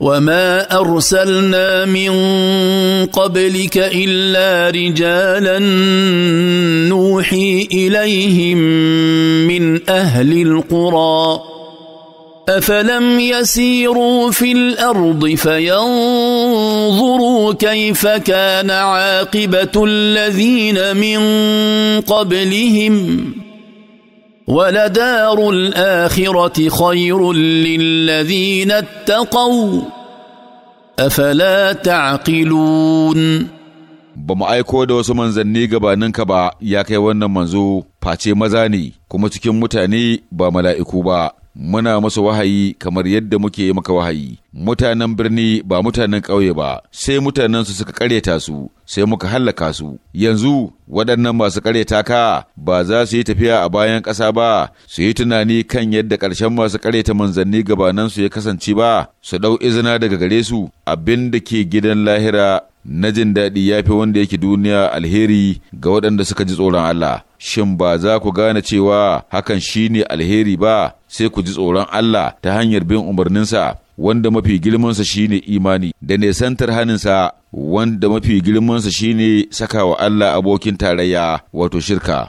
وما ارسلنا من قبلك الا رجالا نوحي اليهم من اهل القرى افلم يسيروا في الارض فينظروا كيف كان عاقبه الذين من قبلهم ولدار الآخرة خير للذين اتقوا أفلا تعقلون ba mu aiko da wasu manzanni gabaninka ba ya kai wannan manzo face maza ne kuma cikin mutane ba mala'iku ba muna masa wahayi kamar yadda muke maka wahayi mutanen birni ba mutanen ƙauye ba sai mutanen su suka ƙaryata su sai muka hallaka su yanzu waɗannan masu ƙaryata ka ba za su yi tafiya a bayan ƙasa ba su yi tunani kan yadda ƙarshen masu ƙaryata manzanni gabanan su ya kasance ba su ɗau izina daga gare su abin da ke gidan lahira na jin daɗi ya fi wanda yake duniya alheri ga waɗanda suka ji tsoron Allah shin ba za ku gane cewa hakan shi ne alheri ba sai ku ji tsoron Allah ta hanyar bin umarninsa wanda mafi girmansa shi ne imani da nesantar haninsa wanda mafi girmansa shi ne sakawa Allah abokin tarayya wato shirka.